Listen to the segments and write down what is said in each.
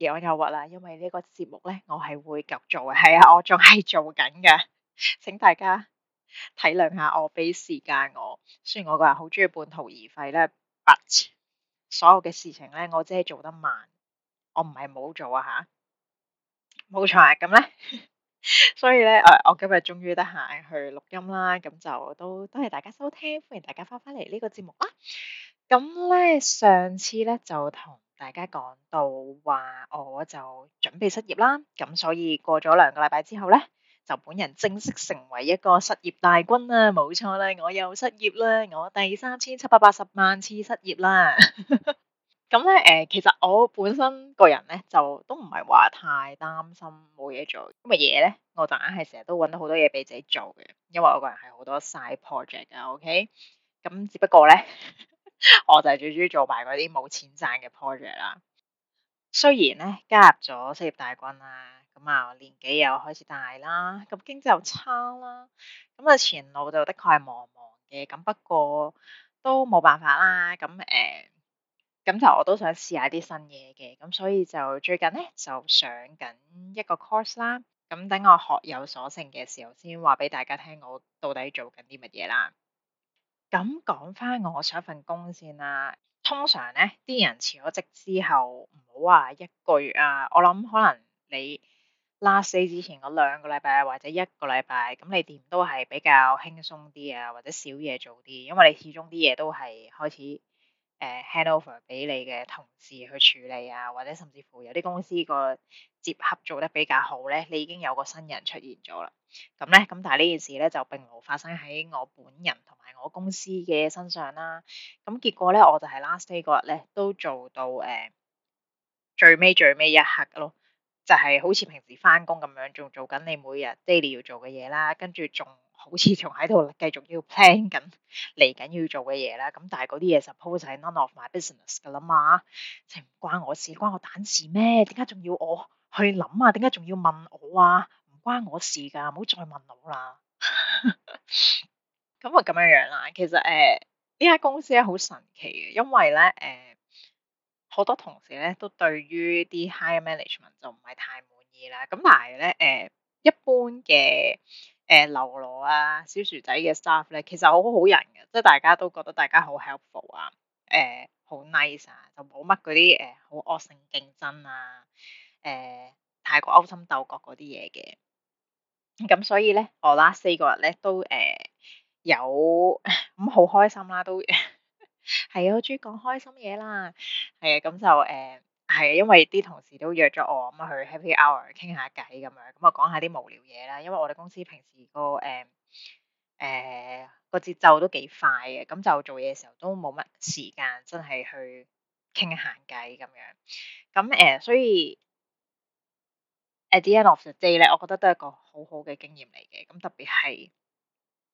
夜晚又滑啦，因為個節呢個節目咧，我係會及做嘅，係啊，我仲係做緊嘅，請大家體諒下我，俾時間我。雖然我個人好中意半途而廢咧，but 所有嘅事情咧，我只係做得慢，我唔係冇做啊吓，冇錯啊。咁咧，呢 所以咧，誒，我今日終於得閒去錄音啦，咁就都多謝大家收聽，歡迎大家翻返嚟呢個節目啊。咁咧，上次咧就同大家講到話，我就準備失業啦。咁所以過咗兩個禮拜之後咧，就本人正式成為一個失業大軍啦。冇錯啦，我又失業啦，我第三千七百八十萬次失業啦。咁 咧，誒、呃，其實我本身個人咧就都唔係話太擔心冇嘢做咁嘅嘢咧，我就硬係成日都搵到好多嘢俾自己做嘅，因為我個人係好多 side project 啊。OK，咁只不過咧。 我就係最中意做埋嗰啲冇錢賺嘅 project 啦。雖然咧加入咗失業大軍啦，咁啊年紀又開始大啦，咁經濟又差啦，咁啊前路就的確係茫茫嘅。咁不過都冇辦法啦。咁誒，咁、欸、就我都想試下啲新嘢嘅。咁所以就最近咧就上緊一個 course 啦。咁等我學有所成嘅時候，先話俾大家聽我到底做緊啲乜嘢啦。咁講翻我上一份工先啦。通常咧，啲人辭咗職之後，唔好話一個月啊。我諗可能你 last day 之前嗰兩個禮拜或者一個禮拜，咁你點都係比較輕鬆啲啊，或者少嘢做啲，因為你始終啲嘢都係開始。誒、呃、handover 俾你嘅同事去處理啊，或者甚至乎有啲公司個接洽做得比較好咧，你已經有個新人出現咗啦。咁咧，咁但係呢件事咧就並冇發生喺我本人同埋我公司嘅身上啦。咁、嗯、結果咧，我就係 last day 嗰日咧都做到誒、呃、最尾最尾一刻咯，就係、是、好似平時翻工咁樣，仲做緊你每日 daily 要做嘅嘢啦，跟住仲。好似仲喺度繼續要 plan 緊嚟緊要做嘅嘢啦，咁但係嗰啲嘢 suppose 係 none of my business 㗎啦嘛，即唔關我事，關我蛋事咩？點解仲要我去諗啊？點解仲要問我啊？唔關我事㗎，唔好再問我啦。咁啊咁樣樣啦，其實誒呢間公司咧好神奇嘅，因為咧誒好多同事咧都對於啲 higher management 就唔係太滿意啦。咁但係咧誒一般嘅。誒、呃、劉羅啊，小薯仔嘅 staff 咧，其實好好人嘅，即係大家都覺得大家好 helpful 啊，誒、呃、好 nice 啊，就冇乜嗰啲誒好惡性競爭啊，誒太過勾心鬥角嗰啲嘢嘅，咁所以咧，我啦四個人咧都誒、呃、有咁好開心啦，都係 啊，我中意講開心嘢啦，係啊，咁就誒。呃係啊，因為啲同事都約咗我咁去 Happy Hour 傾下偈咁樣，咁啊講下啲無聊嘢啦。因為我哋公司平時個誒誒個節奏都幾快嘅，咁就做嘢時候都冇乜時間真係去傾下偈咁樣。咁誒、呃，所以 at the end of the day 咧，我覺得都係一個好好嘅經驗嚟嘅。咁特別係。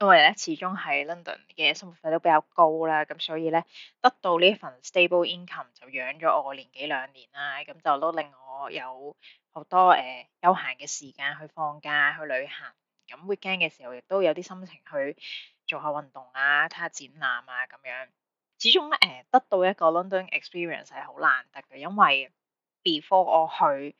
因為咧，始終係 London 嘅生活費都比較高啦，咁所以咧得到呢份 stable income 就養咗我年幾兩年啦，咁就都令我有好多誒、呃、休閒嘅時間去放假、去旅行，咁 weekend 嘅時候亦都有啲心情去做下運動啊、睇下展覽啊咁樣。始終咧誒、呃、得到一個 London experience 係好難得嘅，因為 before 我去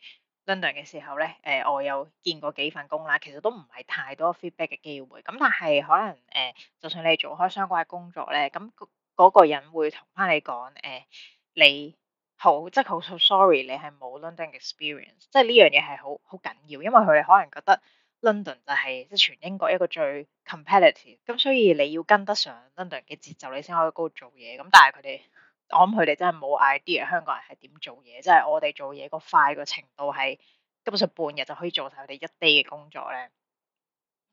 London 嘅時候咧，誒、呃，我有見過幾份工啦，其實都唔係太多 feedback 嘅機會。咁但係可能誒、呃，就算你做開相關嘅工作咧，咁、那、嗰、個那個人會同翻你講，誒、呃，你好，即係好 sorry，你係冇 London experience，即係呢樣嘢係好好緊要，因為佢哋可能覺得 London 就係即係全英國一個最 competitive，咁、嗯、所以你要跟得上 London 嘅節奏，你先可以嗰度做嘢。咁但係佢哋。我諗佢哋真係冇 idea 香港人係點做嘢，即係我哋做嘢個快個程度係基本上半日就可以做晒佢哋一 day 嘅工作咧，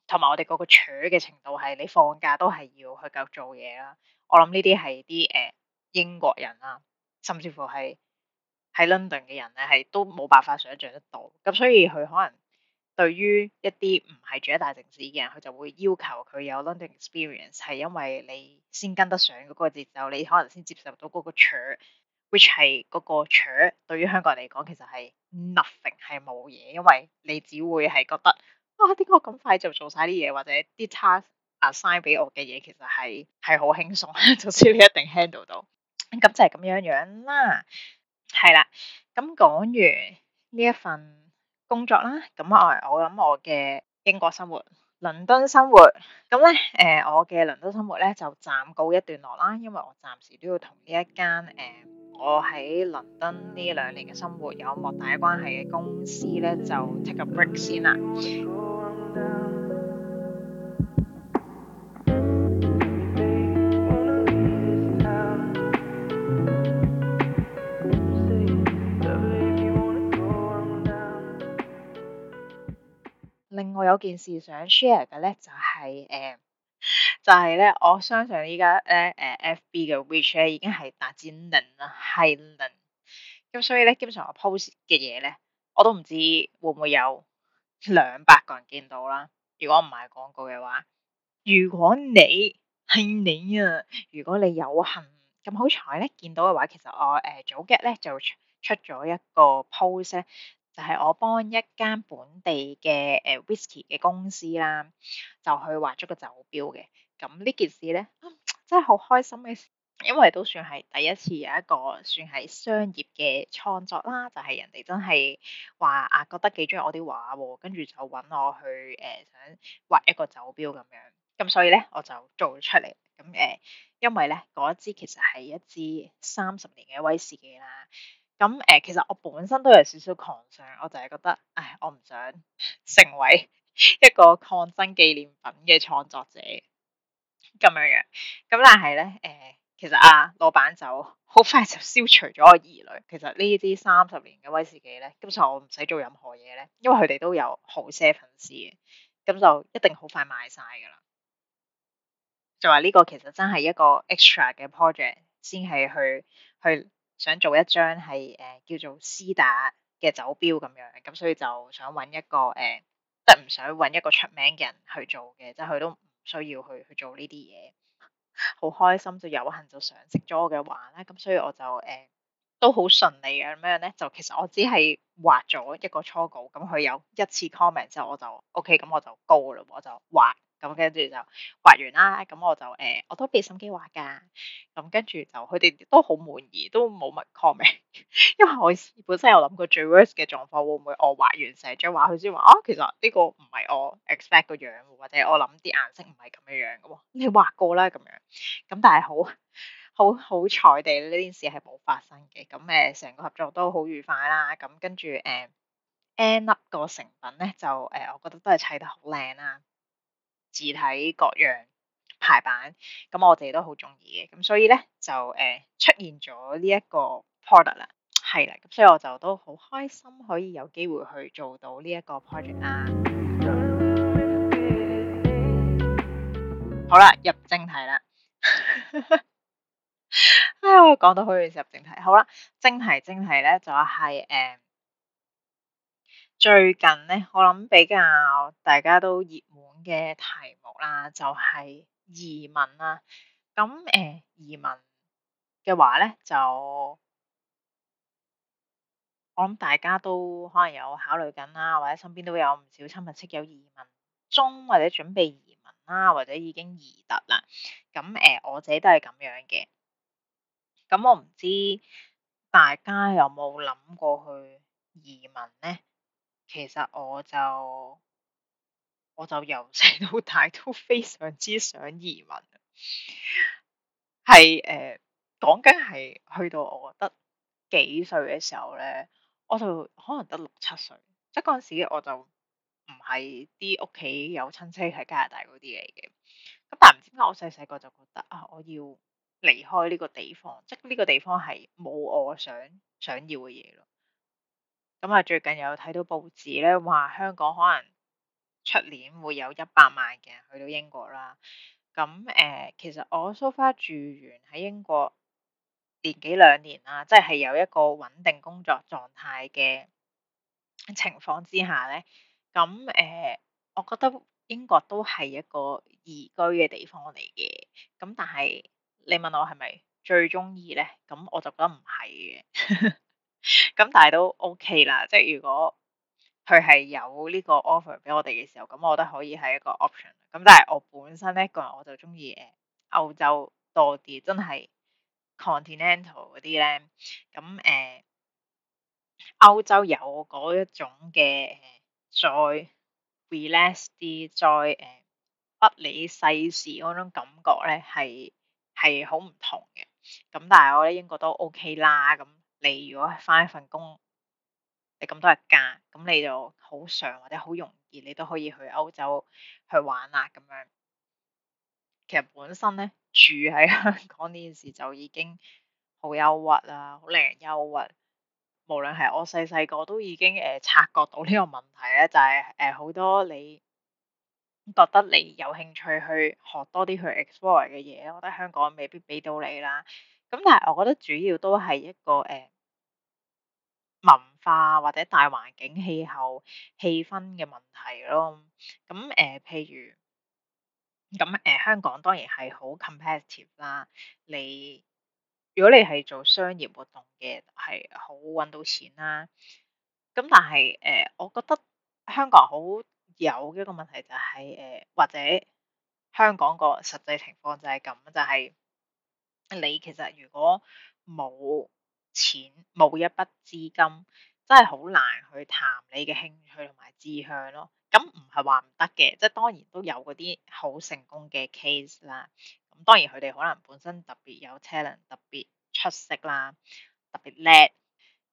同埋我哋嗰個處嘅程度係你放假都係要去夠做嘢啦。我諗呢啲係啲誒英國人啊，甚至乎係喺 London 嘅人咧係都冇辦法想像得到。咁所以佢可能。對於一啲唔係住喺大城市嘅人，佢就會要求佢有 London experience，係因為你先跟得上嗰個節奏，你可能先接受到嗰個 chur，which 係嗰個 chur 對於香港人嚟講其實係 nothing 係冇嘢，因為你只會係覺得啊點解咁快就做晒啲嘢，或者啲 task assign 俾我嘅嘢其實係係好輕鬆，輕鬆 就算你一定 handle 到，咁就係咁樣樣啦，係啦，咁講完呢一份。工作啦，咁啊，我諗我嘅英國生活、倫敦生活，咁呢，誒、呃，我嘅倫敦生活呢，就暫告一段落啦，因為我暫時都要同呢一間誒、呃，我喺倫敦呢兩年嘅生活有莫大關係嘅公司呢，就 take a break 先啦。另外有件事想 share 嘅咧，就係、是、誒、呃，就係、是、咧，我相信依家咧誒、呃，FB 嘅 reach 咧已經係達至零啦，係零咁，所以咧基本上我 post 嘅嘢咧，我都唔知會唔會有兩百個人見到啦。如果唔係廣告嘅話，如果你係你啊，如果你有幸咁好彩咧見到嘅話，其實我誒、呃、早 get 咧就出咗一個 post 咧。就係我幫一間本地嘅誒 whisky 嘅公司啦，就去畫咗個酒標嘅。咁呢件事咧，真係好開心嘅，因為都算係第一次有一個算係商業嘅創作啦。就係、是、人哋真係話啊，覺得幾中意我啲畫喎，跟住就搵我去誒、呃、想畫一個酒標咁樣。咁所以咧，我就做咗出嚟。咁誒、呃，因為咧嗰一支其實係一支三十年嘅威士忌啦。咁誒、呃，其實我本身都有少少狂想，我就係覺得，唉，我唔想成為一個抗爭紀念品嘅創作者咁樣樣。咁但係咧，誒、呃，其實阿、啊、老闆就好快就消除咗我疑慮。其實呢啲三十年嘅威士忌咧，基本上就我唔使做任何嘢咧，因為佢哋都有好些粉絲嘅，咁就一定好快賣晒㗎喇。就話呢個其實真係一個 extra 嘅 project，先係去去。去想做一張係誒、呃、叫做私打嘅酒標咁樣，咁所以就想揾一個即係唔想揾一個出名嘅人去做嘅，即係佢都唔需要去去做呢啲嘢。好開心，就有幸就賞識咗我嘅畫咧，咁所以我就誒、呃、都好順利嘅咁樣咧，就其實我只係畫咗一個初稿，咁佢有一次 comment 之後我就 OK，咁我就高啦，我就畫。咁、嗯、跟住就畫完啦，咁、嗯、我就誒、嗯、我都俾心機畫噶，咁、嗯、跟住就佢哋都好滿意，都冇乜 comment。因為我本身有諗過最 worse 嘅狀況，會唔會我畫完成張畫佢先話啊？其實呢個唔係我 expect 個樣，或者我諗啲顏色唔係咁嘅樣嘅、嗯、你畫過啦咁樣，咁、嗯、但係好好好彩地呢件事係冇發生嘅。咁、嗯、誒，成、嗯、個合作都好愉快啦。咁、嗯、跟住誒、嗯、end up 個成品咧就誒、嗯，我覺得都係砌得好靚啦。字體各樣排版，咁我哋都好中意嘅。咁所以咧就誒、呃，出現咗呢一個 product 啦，係啦，咁所以我就都好開心可以有機會去做到呢一個 project 啦。 好啦，入正題啦，唉 講到好遠入正題，好啦，正題正題咧就係、是、誒、呃，最近咧，我諗比較大家都熱門。嘅題目啦，就係、是、移民啦。咁誒、呃，移民嘅話咧，就我諗大家都可能有考慮緊啦，或者身邊都有唔少親密戚友移民中，或者準備移民啦，或者已經移突啦。咁誒、呃，我自己都係咁樣嘅。咁我唔知大家有冇諗過去移民咧？其實我就～我就由細到大都非常之想移民，係誒，講緊係去到我得幾歲嘅時候咧，我就可能得六七歲，即係嗰陣時我就唔係啲屋企有親戚喺加拿大嗰啲嚟嘅，咁但係唔知點解我細細個就覺得啊，我要離開呢個地方，即係呢個地方係冇我想想要嘅嘢咯。咁、嗯、啊，最近有睇到報紙咧，話香港可能。出年會有一百萬嘅去到英國啦，咁誒、呃，其實我 so far 住完喺英國年幾兩年啦，即係有一個穩定工作狀態嘅情況之下咧，咁誒、呃，我覺得英國都係一個宜居嘅地方嚟嘅，咁但係你問我係咪最鍾意咧，咁我就覺得唔係嘅，咁 但係都 OK 啦，即係如果。佢係有呢個 offer 俾我哋嘅時候，咁我覺得可以係一個 option。咁但係我本身咧個人我就鍾意誒歐洲多啲，真係 continental 嗰啲咧。咁誒、呃、歐洲有嗰一種嘅再 relax 啲，再誒、呃、不理世事嗰種感覺咧，係係好唔同嘅。咁但係我咧英國都 OK 啦。咁你如果返一份工，你咁多日假，咁你就好常或者好容易，你都可以去歐洲去玩啦、啊、咁樣。其實本身咧住喺香港呢件事就已經好憂鬱啦，好令人憂鬱。無論係我細細個都已經誒、呃、察覺到呢個問題咧，就係誒好多你覺得你有興趣去學多啲去 explore 嘅嘢，我覺得香港未必俾到你啦。咁但係我覺得主要都係一個誒。呃文化或者大環境氣候氣氛嘅問題咯，咁誒、呃，譬如咁誒、呃，香港當然係好 competitive 啦。你如果你係做商業活動嘅，係好搵到錢啦。咁但係誒、呃，我覺得香港好有嘅一個問題就係、是、誒、呃，或者香港個實際情況就係咁，就係、是、你其實如果冇錢冇一筆資金，真係好難去談你嘅興趣同埋志向咯。咁唔係話唔得嘅，即係當然都有嗰啲好成功嘅 case 啦。咁當然佢哋可能本身特別有 talent，特別出色啦，特別叻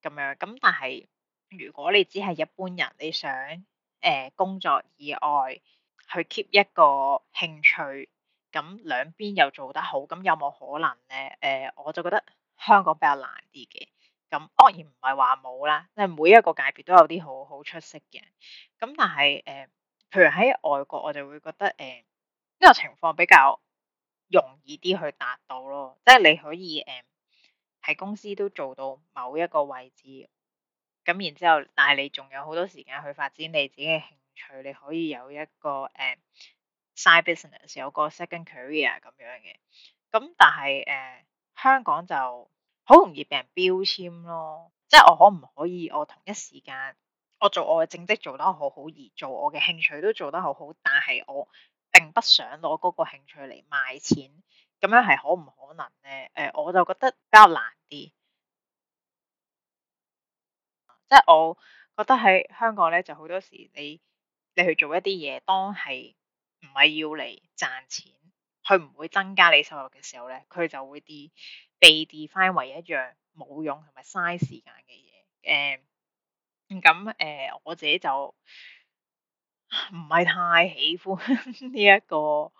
咁樣。咁但係如果你只係一般人，你想誒、呃、工作以外去 keep 一個興趣，咁兩邊又做得好，咁有冇可能咧？誒、呃，我就覺得。香港比較難啲嘅，咁當然唔係話冇啦，即係每一個界別都有啲好好出色嘅。咁但係誒，譬如喺外國我就會覺得誒呢個情況比較容易啲去達到咯，即係你可以誒喺公司都做到某一個位置，咁然之後，但係你仲有好多時間去發展你自己嘅興趣，你可以有一個誒 side business，有個 second career 咁樣嘅。咁但係誒香港就～好容易俾人標籤咯，即係我可唔可以我同一時間我做我嘅正職做得好好，而做我嘅興趣都做得好好，但係我並不想攞嗰個興趣嚟賣錢，咁樣係可唔可能咧？誒、呃，我就覺得比較難啲，即係我覺得喺香港咧就好多時你，你你去做一啲嘢，當係唔係要嚟賺錢，佢唔會增加你收入嘅時候咧，佢就會啲。被 define 為一樣冇用同埋嘥時間嘅嘢，誒咁誒我自己就唔係太喜歡呢、這、一個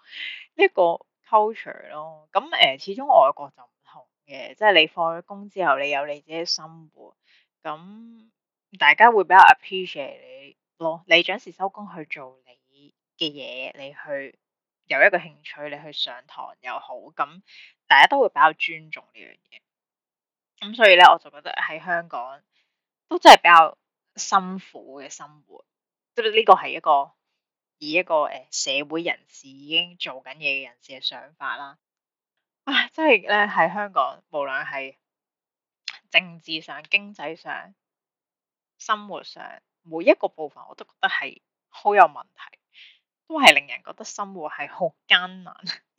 呢、這個 culture 咯。咁、這、誒、個嗯、始終外國就唔同嘅，即係你放咗工之後，你有你自己嘅生活，咁、嗯、大家會比較 appreciate 你咯、嗯。你準時收工去做你嘅嘢，你去有一個興趣，你去上堂又好咁。嗯大家都會比較尊重呢樣嘢，咁所以咧，我就覺得喺香港都真係比較辛苦嘅生活，即係呢個係一個以一個誒、呃、社會人士已經做緊嘢嘅人士嘅想法啦。啊，真係咧喺香港，無論係政治上、經濟上、生活上每一個部分，我都覺得係好有問題，都係令人覺得生活係好艱難。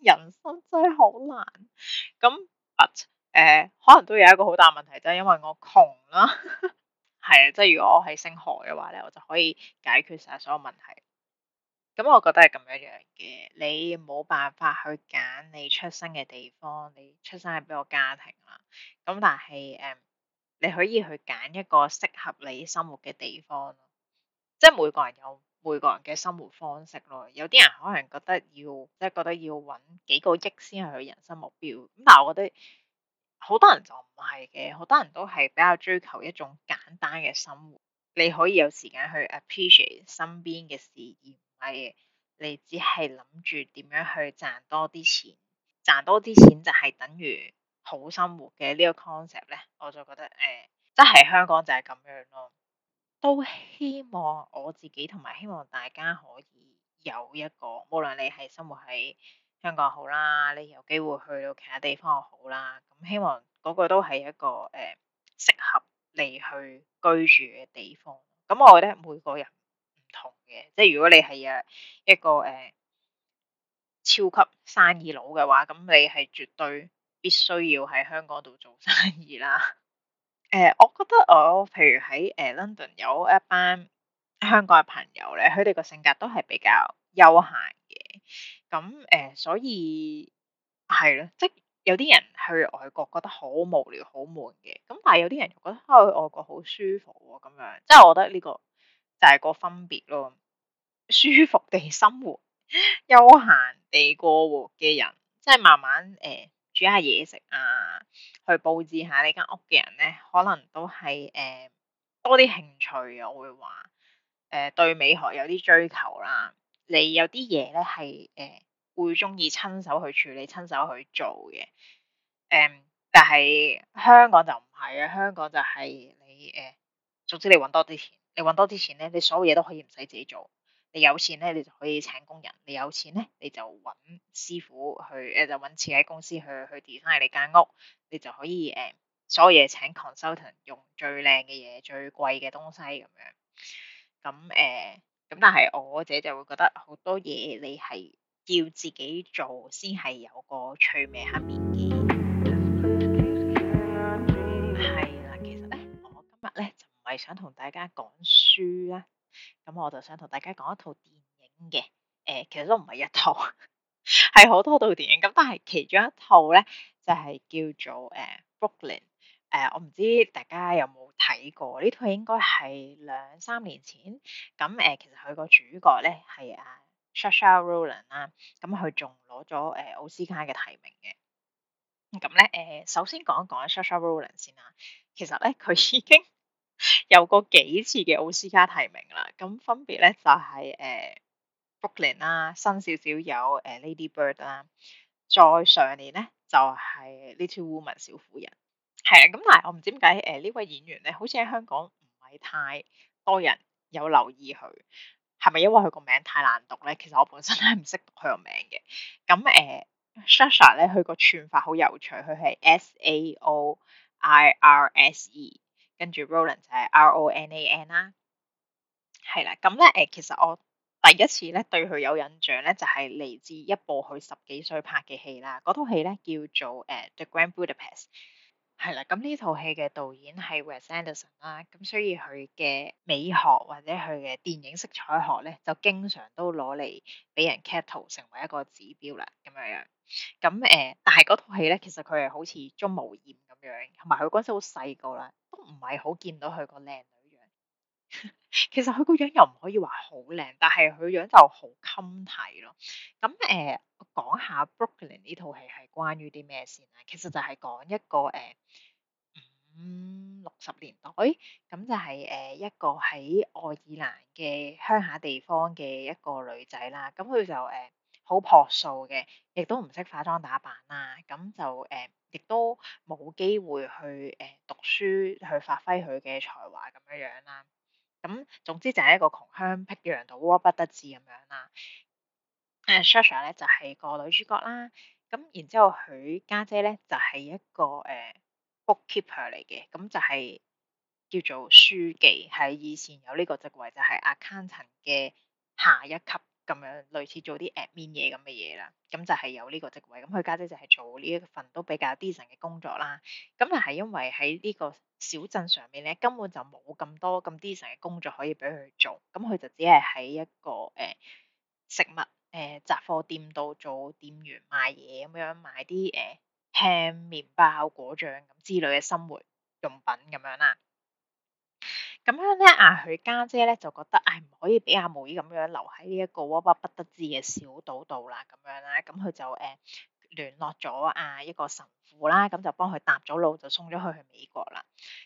人生真係好難，咁 b、呃、可能都有一個好大問題，就係因為我窮啦，係 啊，即係如果我喺星河嘅話咧，我就可以解決晒所有問題。咁我覺得係咁樣樣嘅，你冇辦法去揀你出生嘅地方，你出生喺邊個家庭啦。咁但係誒、嗯，你可以去揀一個適合你生活嘅地方咯。即係每個人有。每個人嘅生活方式咯，有啲人可能覺得要即係覺得要搵幾個億先係佢人生目標，咁但係我覺得好多人就唔係嘅，好多人都係比較追求一種簡單嘅生活，你可以有時間去 appreciate 身邊嘅事，而唔係你只係諗住點樣去賺多啲錢，賺多啲錢就係等於好生活嘅呢個 concept 咧，我就覺得誒，即係香港就係咁樣咯。都希望我自己同埋希望大家可以有一個，無論你係生活喺香港好啦，你有機會去到其他地方又好啦，咁希望嗰個都係一個誒、呃、適合你去居住嘅地方。咁、嗯、我覺得每個人唔同嘅，即係如果你係啊一個誒、呃、超級生意佬嘅話，咁你係絕對必須要喺香港度做生意啦。誒，uh, 我覺得我譬如喺誒、uh, London 有一班香港嘅朋友咧，佢哋個性格都係比較休閒嘅。咁誒，uh, 所以係咯，即係有啲人去外國覺得好無聊、好悶嘅。咁，但係有啲人又覺得去外國好舒服喎，咁樣即係我覺得呢個就係個分別咯。舒服地生活、悠閒地過嘅人，即係慢慢誒、uh, 煮下嘢食啊。去佈置下呢間屋嘅人咧，可能都係誒、呃、多啲興趣，我會話誒、呃、對美學有啲追求啦。你有啲嘢咧係誒會中意親手去處理、親手去做嘅。誒、呃，但係香港就唔係啊！香港就係你誒、呃，總之你揾多啲錢，你揾多啲錢咧，你所有嘢都可以唔使自己做。你有錢咧，你就可以請工人；你有錢咧，你就揾師傅去，誒就揾設計公司去去 design 你間屋。你就可以誒、嗯，所有嘢請 consultant，用最靚嘅嘢、最貴嘅東西咁樣。咁、嗯、誒，咁、嗯、但係我自己就會覺得好多嘢你係要自己做先係有個趣味喺面嘅。係啦，其實咧，我今日咧就唔係想同大家講書啦。咁我就想同大家講一套電影嘅，誒、呃，其實都唔係一套，係好多套電影。咁但係其中一套咧，就係、是、叫做誒、呃《Brooklyn》。誒，我唔知大家有冇睇過呢套，應該係兩三年前。咁誒、呃，其實佢個主角咧係阿 Saoirse Ronan 啦。咁佢仲攞咗誒奧斯卡嘅提名嘅。咁咧，誒、呃，首先講一講 Saoirse Ronan 先啦。其實咧，佢已經，有過幾次嘅奧斯卡提名啦，咁分別咧就係、是、誒，Brooklyn 啦，新少少有誒、呃、Lady Bird 啦、啊，再上年咧就係、是、Little Women 小婦人，係啊，咁但係我唔知點解誒呢位演員咧，好似喺香港唔係太多人有留意佢，係咪因為佢個名太難讀咧？其實我本身咧唔識讀佢個名嘅，咁誒，Shasha 咧，佢個串法好有趣，佢係 S, S A O I R S E。跟住 Ronan 就係 R O N A N 啦，係啦，咁咧誒，其實我第一次咧對佢有印象咧，就係、是、嚟自一部佢十幾歲拍嘅戲啦，嗰套戲咧叫做誒、呃、The Grand Budapest。係啦，咁呢套戲嘅導演係 Wes Anderson 啦，咁所以佢嘅美學或者佢嘅電影色彩學咧，就經常都攞嚟俾人 capture 成為一個指標啦，咁樣樣。咁誒，但係嗰套戲咧，其實佢係好似鍾無艷咁樣，同埋佢嗰陣時好細個啦，都唔係好見到佢個靚女樣，樣。 其實佢個樣又唔可以話好靚，但係佢樣就好襟睇咯。咁誒，我講、呃、下 Brooklyn、ok、呢套戲係關於啲咩先啦。其實就係講一個誒、呃、五六十年代，咁就係、是、誒、呃、一個喺愛爾蘭嘅鄉下地方嘅一個女仔啦。咁佢就誒好樸素嘅，亦都唔識化妝打扮啦。咁就誒亦、呃、都冇機會去誒、呃、讀書去發揮佢嘅才華咁樣樣啦。咁總之就係一個窮鄉僻壤度窩不得志咁樣啦。誒、啊、Shasha 咧就係、是、個女主角啦。咁、啊、然之後佢家姐咧就係、是、一個誒 bookkeeper 嚟嘅，咁、啊啊、就係、是、叫做書記，係以前有呢個職位就係、是、accountant 嘅下一級。咁樣類似做啲 admin 嘢咁嘅嘢啦，咁就係有呢個職位。咁佢家姐就係做呢一份都比較 decent 嘅工作啦。咁但係因為喺呢個小鎮上面咧，根本就冇咁多咁 decent 嘅工作可以俾佢做，咁佢就只係喺一個誒、呃、食物誒、呃、雜貨店度做店員賣嘢咁樣，賣啲誒 ham 麵包、果醬咁之類嘅生活用品咁樣啦。咁樣咧啊，佢家姐咧就覺得誒唔可以俾阿妹咁樣留喺呢一個彌彌不得知嘅小島度啦，咁樣啦，咁佢就誒聯絡咗啊一個神父啦，咁就幫佢搭咗路，就送咗佢去美國啦。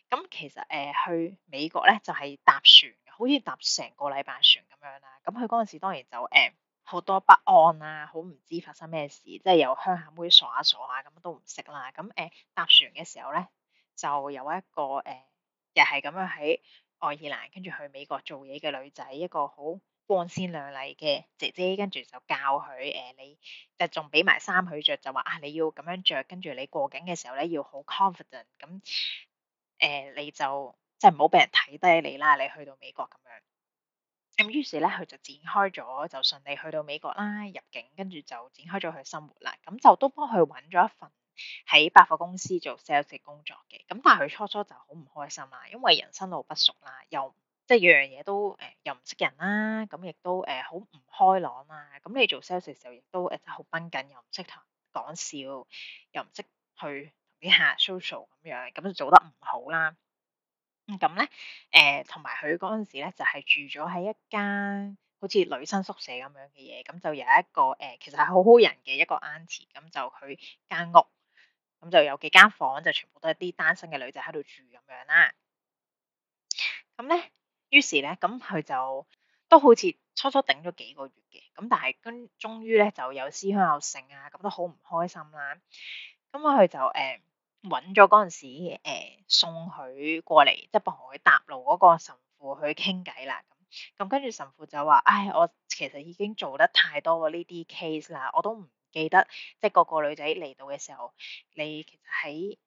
咁其實誒去美國咧就係搭船，好似搭成個禮拜船咁樣啦。咁佢嗰陣時當然就誒好多不安啦，好唔知發生咩事，即係由鄉下妹傻下傻下咁都唔識啦。咁誒搭船嘅時候咧就有一個誒又係咁樣喺愛爾蘭跟住去美國做嘢嘅女仔，一個好光鮮亮麗嘅姐姐，跟住就教佢，誒、呃，你就仲俾埋衫佢着，就話啊，你要咁樣着，跟住你過境嘅時候咧，要好 confident，咁、嗯、誒、呃，你就即係唔好俾人睇低你啦，你去到美國咁樣，咁、嗯、於是咧，佢就展開咗，就順利去到美國啦，入境，跟住就展開咗佢生活啦，咁、嗯、就都幫佢揾咗一份。喺百貨公司做 sales 工作嘅，咁但係佢初初就好唔開心啊，因為人生路不熟啦，又即係樣樣嘢都誒、呃、又唔識人啦，咁亦都誒好唔開朗啊，咁你做 sales 嘅時候亦都誒好繃緊，又唔識同講笑，又唔識去同啲客 social 咁樣，咁就做得唔好啦。咁咧誒，同埋佢嗰陣時咧就係、是、住咗喺一間好似女生宿舍咁樣嘅嘢，咁就有一個誒、呃、其實係好好人嘅一個 Auntie，咁就佢間屋。咁就有幾間房，就全部都係啲單身嘅女仔喺度住咁樣啦。咁咧，於是咧，咁佢就都好似初初頂咗幾個月嘅，咁但係跟終於咧就有思鄉有性啊，咁都好唔開心啦、啊。咁佢就誒揾咗嗰陣時、欸、送佢過嚟，即係幫佢搭路嗰個神父去傾偈啦。咁跟住神父就話：唉，我其實已經做得太多喎呢啲 case 啦，我都唔。記得即係個個女仔嚟到嘅時候，你其實喺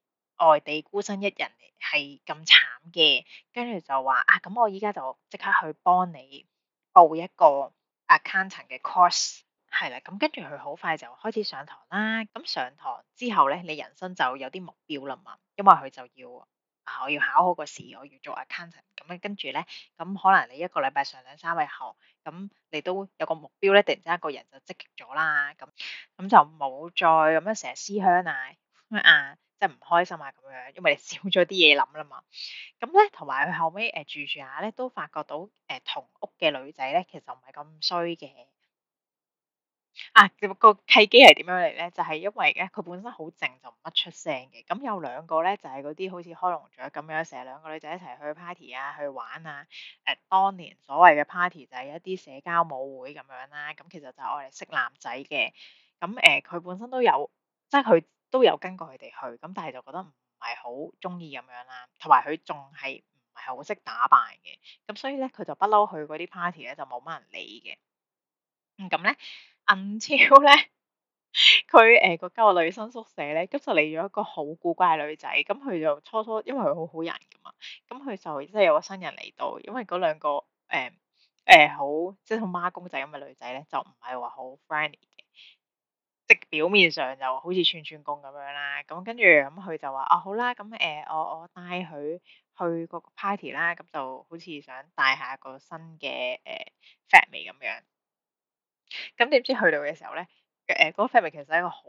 外地孤身一人係咁慘嘅，跟住就話啊，咁我依家就即刻去幫你報一個 accountant 嘅 course，係啦，咁跟住佢好快就開始上堂啦。咁上堂之後咧，你人生就有啲目標啦嘛，因為佢就要。啊！我要考好個試，我要做 accountant 咁樣跟住咧，咁可能你一個禮拜上兩三日學，咁你都有個目標咧，突然之間個人就積極咗啦，咁咁就冇再咁樣成日思鄉啊，咁即係唔開心啊咁樣，因為你少咗啲嘢諗啦嘛。咁咧同埋佢後尾誒住住下咧，都發覺到誒、呃、同屋嘅女仔咧，其實唔係咁衰嘅。啊，嗰個契機係點樣嚟咧？就係、是、因為咧，佢本身好靜，就唔乜出聲嘅。咁有兩個咧，就係嗰啲好似開籠雀咁樣，成日兩個女仔一齊去 party 啊，去玩啊。誒、呃，當年所謂嘅 party 就係一啲社交舞會咁樣啦、啊。咁其實就係愛嚟識男仔嘅。咁誒，佢、呃、本身都有，即係佢都有跟過佢哋去。咁但係就覺得唔係好中意咁樣啦、啊。同埋佢仲係唔係好識打扮嘅。咁所以咧，佢就不嬲去嗰啲 party 咧，就冇乜人理嘅。嗯，咁咧。銀超咧，佢誒 Until, 呃那個間女生宿舍咧，咁就嚟咗一個好古怪嘅女仔，咁佢就初初因為佢好好人噶嘛，咁佢就即係有個新人嚟到，因為嗰兩個誒誒、呃呃、好即係同孖公仔咁嘅女仔咧，就唔係話好 friend 嘅，即係表面上就好似串串工咁樣啦。咁跟住咁佢就話啊好啦，咁誒、呃、我我帶佢去個 party 啦，咁就好似想帶下一個新嘅誒 fat 味咁樣。咁點知去到嘅時候咧，誒、呃、嗰、嗰個 family 其實係一個好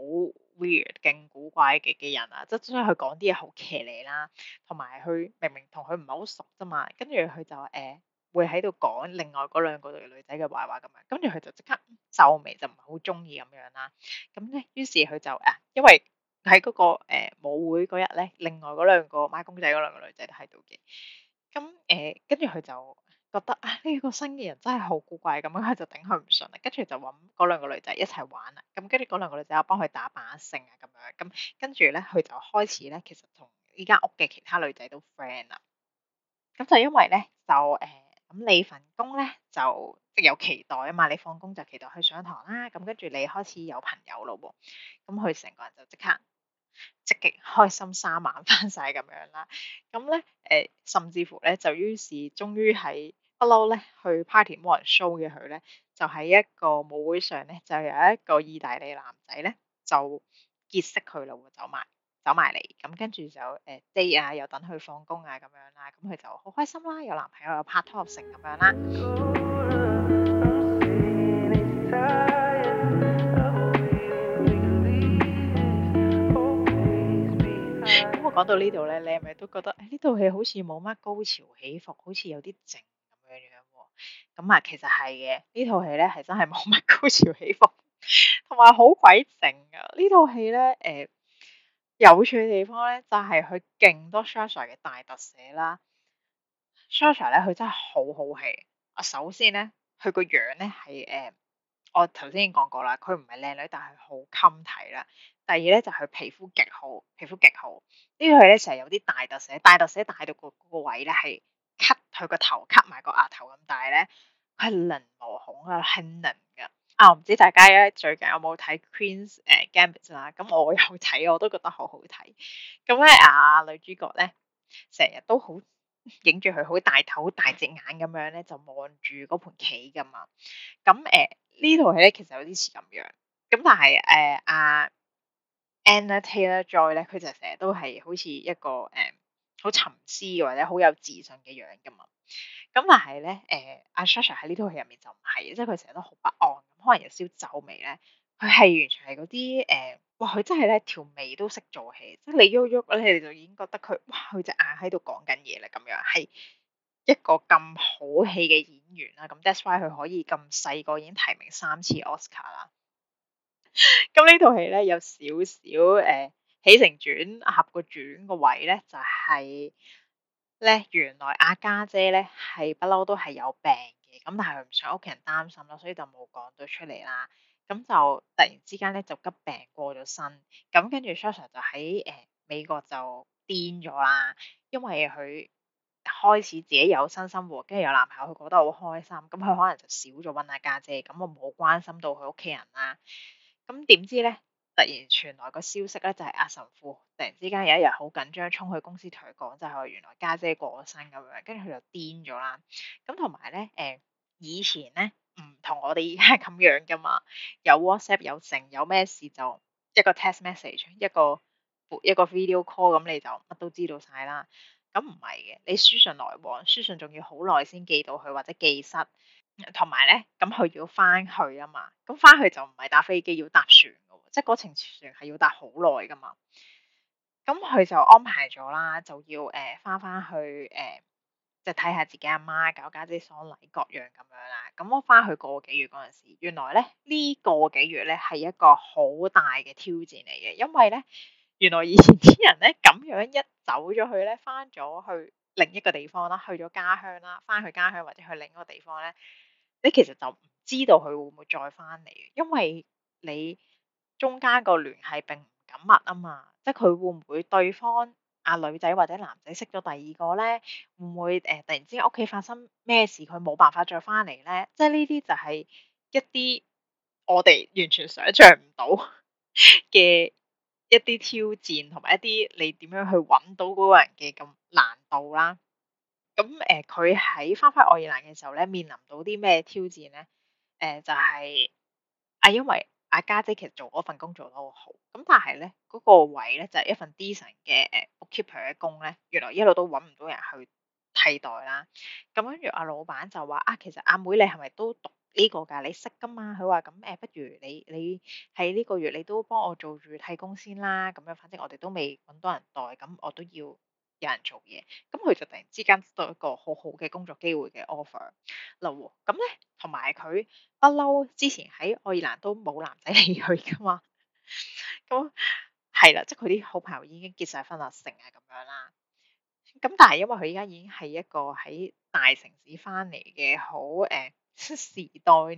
weird、勁古怪嘅嘅人啊，即係將佢講啲嘢好騎呢啦，同埋佢明明同佢唔係好熟啫嘛，跟住佢就誒、呃、會喺度講另外嗰兩個女仔嘅壞話咁樣，跟住佢就即刻皺眉就唔係好中意咁樣啦。咁咧，於是佢就誒、啊，因為喺嗰、嗰個舞、呃、會嗰日咧，另外嗰兩個買公仔嗰兩個女仔都喺度嘅，咁誒跟住佢就。覺得啊呢、呢個新嘅人真係好古怪咁，佢就頂佢唔順啦。跟住就揾嗰兩個女仔一齊玩啦。咁跟住嗰兩個女仔又幫佢打扮一成啊咁樣。咁跟住咧，佢就開始咧，其實同依間屋嘅其他女仔都 friend 啦。咁就因為咧，就誒咁、呃、你份工咧就即有期待啊嘛，你放工就期待去上堂啦。咁跟住你開始有朋友咯喎，咁佢成個人就即刻積極、開心、三晚翻晒咁樣啦。咁咧誒，甚至乎咧就於是終於喺～Hello，咧，去 party morning show 嘅佢咧，就喺、是、一個舞會上咧，就有、是、一個意大利男仔咧，就結識佢啦，走走會走埋走埋嚟，咁跟住就誒 day 啊，又等佢放工啊咁樣啦，咁佢就好開心啦，有男朋友又拍拖又成咁樣啦。咁 我講到呢度咧，你係咪都覺得誒呢套戲好似冇乜高潮起伏，好似有啲靜？咁啊、嗯，其實係嘅，呢套戲咧係真係冇乜高潮起伏，同埋好鬼靜啊！呢套戲咧，誒、呃、有趣嘅地方咧，就係佢勁多 Shasha 嘅大特寫啦。Shasha 咧，佢真係好好戲。啊，首先咧，佢個樣咧係誒，我頭先已經講過啦，佢唔係靚女，但係好襟睇啦。第二咧就係、佢、皮膚極好，皮膚極好。呢套戲咧成日有啲大特寫，大特寫大到、個嗰、個、位咧係，cut 佢個頭 cut 埋個額頭咁大咧，佢係零毛孔啊 h e n d 噶啊，我唔知大家咧最近有冇睇 Queen 誒 Gambit 啦、啊，咁我有睇，我都覺得好好睇。咁、嗯、咧啊，女主角咧成日都好影住佢，好大頭大隻眼咁樣咧就望住嗰盤棋噶嘛。咁、嗯、誒、啊、呢套戲咧其實有啲似咁樣，咁、嗯、但係誒啊，啊，Anna Taylor Joy 咧佢就成日都係好似一個誒。嗯好沉思或者好有自信嘅樣㗎嘛，咁但係咧誒，阿、啊、Shasha 喺呢套戲入面就唔係，即係佢成日都好不安，可能有少少走味咧。佢係完全係嗰啲誒，哇！佢真係咧條眉都識做戲，即係你喐喐咧，你就已經覺得佢哇，佢隻眼喺度講緊嘢啦咁樣，係一個咁好戲嘅演員啦。咁 That's why 佢可以咁細個已經提名三次 Oscar 啦。咁 呢套戲咧有少少誒。呃起承轉合個轉個位咧就係、是、咧原來阿、啊、家姐咧係不嬲都係有病嘅，咁但係佢唔想屋企人擔心咯，所以就冇講到出嚟啦。咁就突然之間咧就急病過咗身，咁跟住 Sharon 就喺誒、呃、美國就癲咗啦，因為佢開始自己有新生活，跟住有男朋友，佢覺得好開心，咁佢可能就少咗溫阿家姐，咁我冇關心到佢屋企人啦。咁點知咧？突然傳來個消息咧，就係阿神父突然之間有一日好緊張，衝去公司同佢講，就係原來家姐過咗身咁樣，跟住佢就癲咗啦。咁同埋咧，誒、欸、以前咧唔同我哋而家咁樣噶嘛，有 WhatsApp 有成，有咩事就一個 text message，一個一個 video call，咁你就乜都知道晒啦。咁唔係嘅，你書信來往，書信仲要好耐先寄到佢，或者寄失。同埋咧，咁佢要翻去啊嘛，咁翻去就唔係搭飛機，要搭船噶，即係嗰程船係要搭好耐噶嘛。咁佢就安排咗啦，就要誒翻翻去誒、呃，就睇下，自己阿媽搞家姐喪禮各樣咁樣啦。咁我翻去過幾，這個幾月嗰陣時，原來咧呢個幾月咧係一個好大嘅挑戰嚟嘅，因為咧，原來以前啲人咧咁樣一走咗去咧，翻咗去另一個地方啦，去咗家鄉啦，翻去家鄉或者去另一個地方咧。你其實就唔知道佢會唔會再翻嚟，因為你中間個聯繫並唔緊密啊嘛，即係佢會唔會對方啊女仔或者男仔識咗第二個咧，會唔會誒、呃、突然之間屋企發生咩事佢冇辦法再翻嚟咧？即係呢啲就係一啲我哋完全想像唔到嘅一啲挑戰，同埋一啲你點樣去揾到嗰個人嘅咁難度啦。咁誒，佢喺翻返外爾蘭嘅時候咧，面臨到啲咩挑戰咧？誒、呃、就係、是、啊，因為阿家姐，姐其實做嗰份工做得好，好。咁但係咧嗰個位咧就係、是、一份 D 神嘅誒 o c c u p e r 嘅工咧，原來一路都揾唔到人去替代啦。咁跟住阿老闆就話啊，其實阿妹你係咪都讀呢個㗎？你識㗎嘛？佢話咁誒，不如你你喺呢個月你都幫我做住替工先啦。咁樣，反正我哋都未揾到人代，咁我都要。有人做嘢，咁佢就突然之間得到一個好好嘅工作機會嘅 offer 啦。咁咧，同埋佢不嬲，之前喺愛爾蘭都冇男仔理佢噶嘛。咁係啦，即係佢啲好朋友已經結晒婚啦，成啊咁樣啦。咁但係因為佢而家已經係一個喺大城市翻嚟嘅好誒時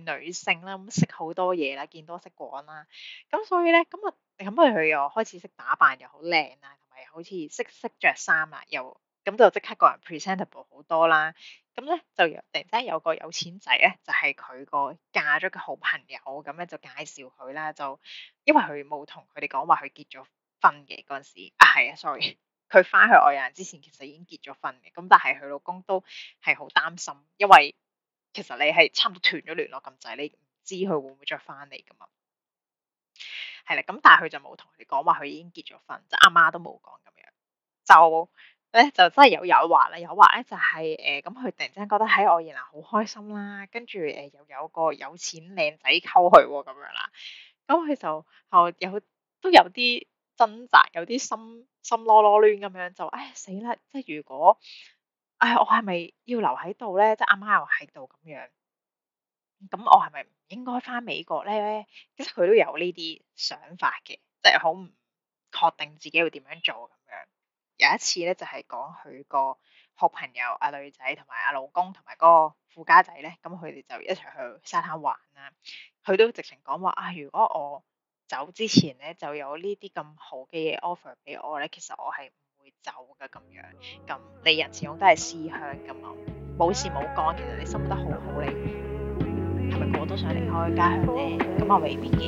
代女性啦，咁識好多嘢啦，見多識廣啦。咁所以咧，咁啊，咁佢又開始識打扮，又好靚啦。係好似識識着衫啊，又咁就即刻個人 presentable 好多啦。咁咧就突然間有個有錢仔咧，就係佢個嫁咗個好朋友咁咧，就介紹佢啦。就因為佢冇同佢哋講話，佢結咗婚嘅嗰陣時，啊係啊，sorry，佢翻去外人之前其實已經結咗婚嘅。咁但係佢老公都係好擔心，因為其實你係差唔多斷咗聯絡咁滯，你唔知佢會唔會再翻嚟噶嘛。係啦，咁但係佢就冇同你哋講話佢已經結咗婚，即阿媽都冇講咁樣，就咧就真係有誘惑啦，誘惑咧就係、是、誒，咁、呃、佢突然間覺得，喺、哎，我原來好開心啦，跟住誒、呃、又有個有錢靚仔溝佢咁樣啦，咁佢就後有都有啲掙扎，有啲心心囉囉攣咁樣，就誒死啦，即係如果誒、哎、我係咪要留喺度咧？即係阿媽又喺度咁樣。咁我係咪唔應該返美國咧？其實佢都有呢啲想法嘅，即係好唔確定自己要點樣做咁樣。有一次咧就係講佢個學朋友阿女仔同埋阿老公同埋嗰個富家仔咧，咁佢哋就一齊去沙灘玩啦。佢都直情講話啊，如果我走之前咧就有這這呢啲咁好嘅嘢 offer 俾我咧，其實我係唔會走噶咁樣。咁你人始終都係思鄉噶嘛，冇事冇幹。其實你心得好好你。咪我都想離開家鄉咧，咁我未必嘅。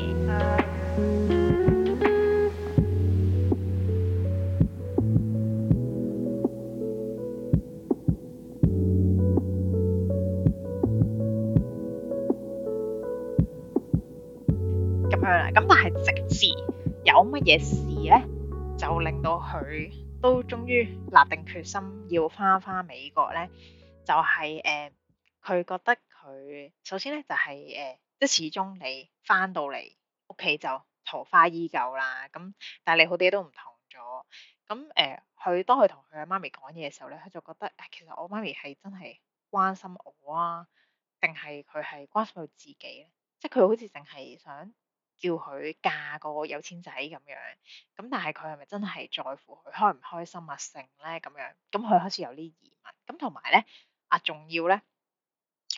咁樣啊，咁但係直至有乜嘢事咧，就令到佢都終於立定決心要翻返美國咧，就係誒，佢覺得。佢首先咧就係誒，即係始終你翻到嚟屋企就桃花依舊啦，咁但係你好啲都唔同咗。咁誒，佢、呃、當佢同佢阿媽咪講嘢嘅時候咧，佢就覺得其實我媽咪係真係關心我啊，定係佢係關心佢自己咧？即係佢好似淨係想叫佢嫁個有錢仔咁樣，咁但係佢係咪真係在乎佢開唔開心啊性咧？咁樣咁佢開始有啲疑問，咁同埋咧啊，仲要咧。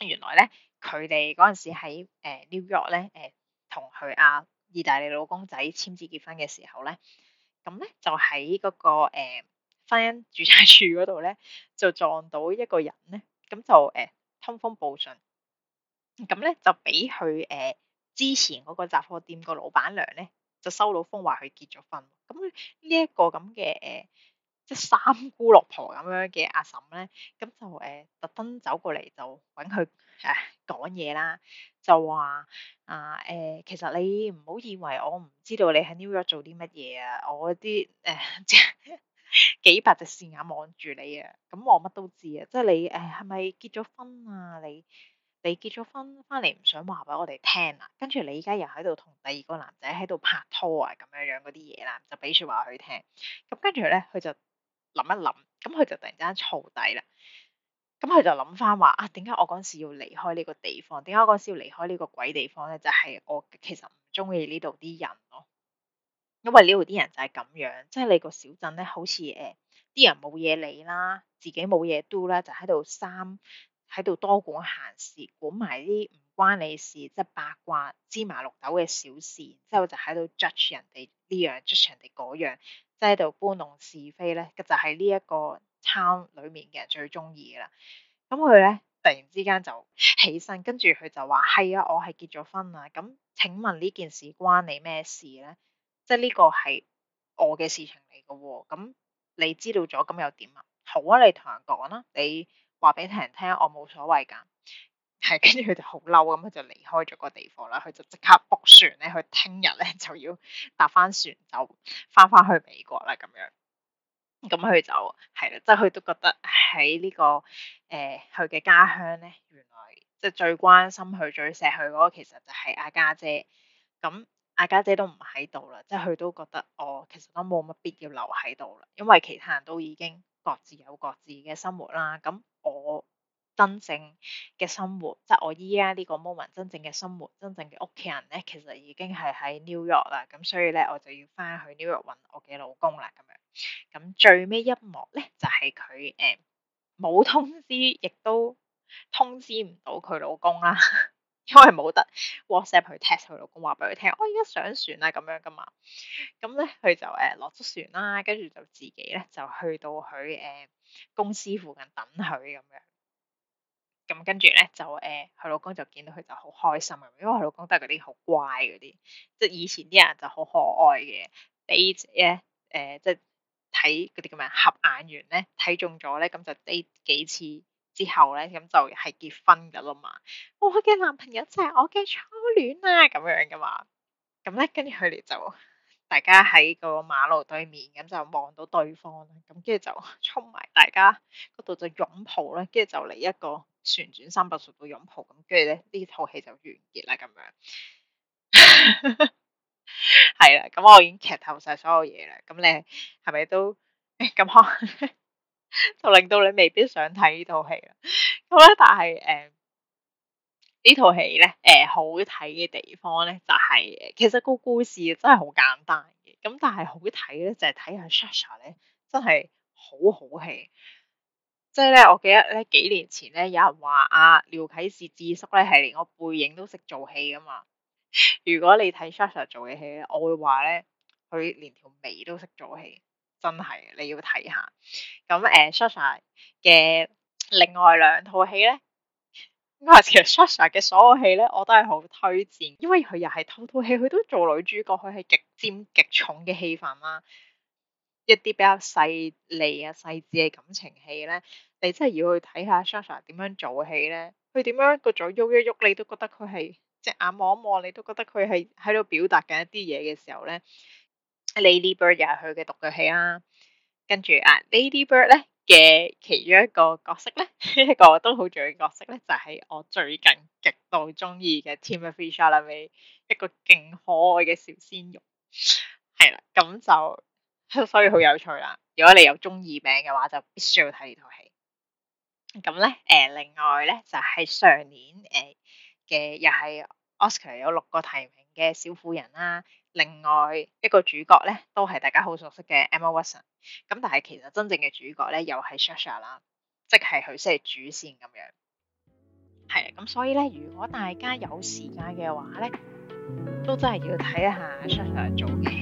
原來咧，佢哋嗰陣時喺誒、呃、紐約咧，誒同佢阿意大利老公仔簽字結婚嘅時候咧，咁咧就喺嗰、嗰個婚姻註冊處嗰度咧，就撞到一個人咧，咁就誒、呃、通風報信，咁咧就俾佢誒之前嗰個雜貨店個老闆娘咧，就收到風話佢結咗婚，咁呢一個咁嘅誒。呃即三姑六婆咁樣嘅阿嬸咧，咁就誒特登走過嚟就揾佢誒講嘢啦，就話啊誒，其實你唔好以為我唔知道你喺 New York 做啲乜嘢啊，我啲誒即幾百隻視眼望住你啊，咁我乜都知啊，即係你誒係咪結咗婚啊？你你結咗婚翻嚟唔想話俾我哋聽啊？跟住你而家又喺度同第二個男仔喺度拍拖啊，咁樣樣嗰啲嘢啦，就俾説話佢聽，咁跟住咧佢就諗一諗，咁佢就突然之間燥底啦。咁佢就諗翻話啊，點解我嗰時要離開呢個地方？點解我嗰時要離開呢個鬼地方咧？就係、是、我其實唔中意呢度啲人咯。因為呢度啲人就係咁樣，即、就、係、是、你個小鎮咧，好似誒，啲、欸、人冇嘢理啦，自己冇嘢 do 啦，就喺度三，喺度多管閒事，管埋啲唔關你事，即、就、係、是、八卦芝麻綠豆嘅小事，之後就喺度 judge 人哋呢樣，judge 人哋嗰樣。即喺度搬弄是非咧，就係呢一個村裏面嘅人最中意嘅啦。咁佢咧突然之間就起身，跟住佢就話：係啊，我係結咗婚啊。咁請問呢件事關你咩事咧？即係呢個係我嘅事情嚟噶喎。咁你知道咗咁又點啊？好啊，你同人講啦，你話俾其他人聽，我冇所謂㗎。係，跟住佢就好嬲，咁佢就離開咗個地方啦。佢就即刻 book 船咧，佢聽日咧就要搭翻船就翻翻去美國啦。咁樣，咁佢就係啦，即係佢都覺得喺、這個呃、呢個誒佢嘅家鄉咧，原來即係最關心佢、最錫佢嗰個，其實就係阿家姐。咁阿家姐都唔喺度啦，即係佢都覺得，我、哦、其實都冇乜必要留喺度啦，因為其他人都已經各自有各自嘅生活啦。咁我。真正嘅生活，即係我依家呢個 moment 真正嘅生活，真正嘅屋企人咧，其實已經係喺 New York 啦。咁所以咧，我就要翻去 New York 揾我嘅老公啦。咁樣，咁最尾一幕咧，就係佢誒冇通知，亦都通知唔到佢老公啦， 因為冇得 WhatsApp 去 text 佢老公話俾佢聽， 我而家上船啦咁樣噶嘛。咁咧，佢就誒落咗船啦，跟住就自己咧就去到佢誒、嗯、公司附近等佢咁樣。咁跟住咧就誒，佢、呃、老公就見到佢就好開心，因為佢老公都係嗰啲好乖嗰啲，即係以前啲人就好可愛嘅。啲咧誒，即係睇嗰啲咁咩合眼緣咧，睇中咗咧，咁、嗯、就啲幾次之後咧，咁、嗯、就係、是、結婚噶啦嘛。我嘅男朋友就係我嘅初戀啊，咁樣噶嘛。咁、嗯、咧跟住佢哋就大家喺個馬路對面，咁、嗯、就望到對方啦。咁跟住就衝埋大家嗰度就擁抱咧，跟住就嚟一個旋轉三百六十度擁抱咁，跟住咧呢套戲就完結啦咁樣。係 啦，咁我已經劇透晒所有嘢啦。咁你係咪都咁、哎、看，就 令到你未必想睇呢套戲啦？咁咧，但係誒、呃、呢套戲咧，誒、呃、好睇嘅地方咧就係、是，其實個故事真係好簡單嘅。咁但係好睇咧就係睇下 Shasha 咧，真係好好戲。即係咧，我記得咧幾年前咧，有人話阿、啊、廖啟智智叔咧係連個背影都識做戲噶嘛。如果你睇 Shasha 做嘅戲咧，我會話咧佢連條眉都識做戲，真係，你要睇下。咁誒、欸、Shasha 嘅另外兩套戲咧，咁啊，其實 Shasha 嘅所有戲咧，我都係好推薦，因為佢又係套套戲佢都做女主角，佢係極尖極重嘅戲份啦。一啲比較細膩啊、細緻嘅感情戲咧，你真係要去睇下 Shasha 點樣做戲咧，佢點樣個嘴喐一喐，你都覺得佢係隻眼望一望，你都覺得佢係喺度表達緊一啲嘢嘅時候咧 ，Lady Bird 又係佢嘅獨腳戲啦。跟住啊、 uh,，Lady Bird 咧嘅其中一個角色咧，一個都好重要嘅角色咧，就係、是、我最近極度鍾意嘅 Timothy Shalomi，一個勁可愛嘅小鮮肉，係啦，咁就。所以好有趣啦！如果你有中二病嘅話，就必須要睇呢套戲。咁咧，誒，另外咧就係、是、上年誒嘅、呃、又係 Oscar 有六個提名嘅《小婦人》啦、啊。另外一個主角咧都係大家好熟悉嘅 Emma Watson、啊。咁但係其實真正嘅主角咧又係 Shasha 啦，即係佢先係主線咁樣。係咁所以咧，如果大家有時間嘅話咧，都真係要睇一下 Shasha 做嘅。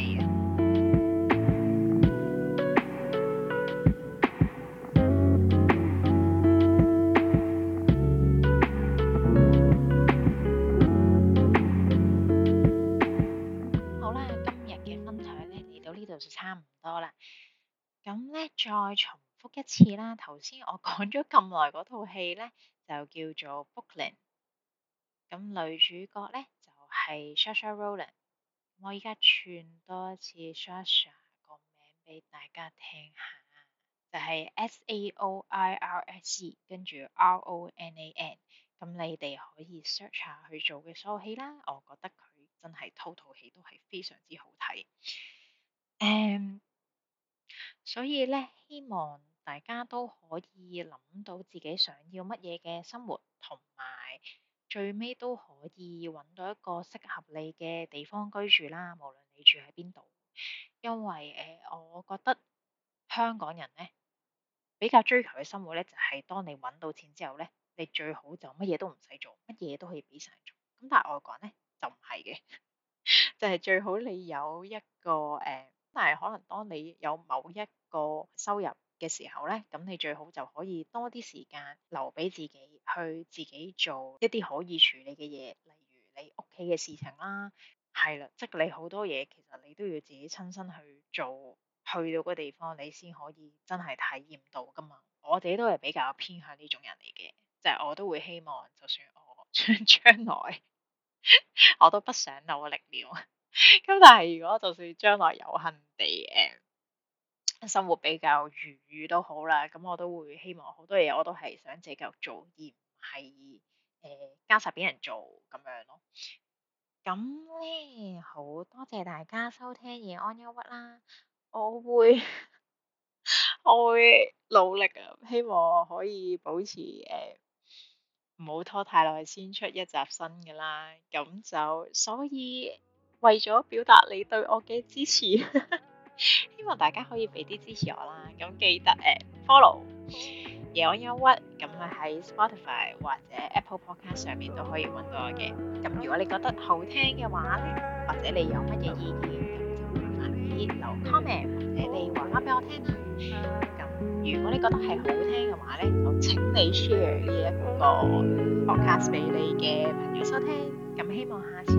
差唔多啦，咁咧再重複一次啦。頭先我講咗咁耐嗰套戲咧，就叫做《Brooklyn》，咁女主角咧就係、是、Shasha Rolling。我依家串多一次 Shasha 個名俾大家聽下，就係、是、S A O I R S E，跟住 R O N A N。咁你哋可以 search 下佢做嘅所有戲啦。我覺得佢真係套套戲都係非常之好睇。誒，um, 所以咧，希望大家都可以諗到自己想要乜嘢嘅生活，同埋最尾都可以搵到一個適合你嘅地方居住啦。無論你住喺邊度，因為誒、呃，我覺得香港人咧比較追求嘅生活咧，就係、是、當你搵到錢之後咧，你最好就乜嘢都唔使做，乜嘢都可以俾晒人做。咁但係外國人咧就唔係嘅，就係 最好你有一個誒。呃但係可能當你有某一個收入嘅時候咧，咁你最好就可以多啲時間留俾自己去自己做一啲可以處理嘅嘢，例如你屋企嘅事情啦，係啦，即係你好多嘢其實你都要自己親身去做，去到個地方你先可以真係體驗到噶嘛。我自己都係比較偏向呢種人嚟嘅，就係我都會希望，就算我將將 將來 我都不想努力了。 咁但係如果就算將來有幸地，誒、呃、生活比較富裕都好啦，咁、嗯、我都會希望好多嘢我都係想自己做，而唔係誒交晒俾人做咁樣咯。咁咧，好多謝大家收聽而安憂鬱啦，我會 我會努力啊，希望可以保持誒唔好拖太耐先出一集新嘅啦。咁就所以。為咗表達你對我嘅支持，希望大家可以俾啲支持我啦。咁記得誒 follow 夜安憂鬱，咁啊喺 Spotify 或者 Apple Podcast 上面都可以揾到我嘅。咁如果你覺得好聽嘅話咧，或者你有乜嘢意見，咁就唔介意留 comment 誒，你話翻俾我聽啦。咁如果你覺得係好聽嘅話咧，就請你 share 呢一個 podcast 俾你嘅朋友收聽。咁希望下次。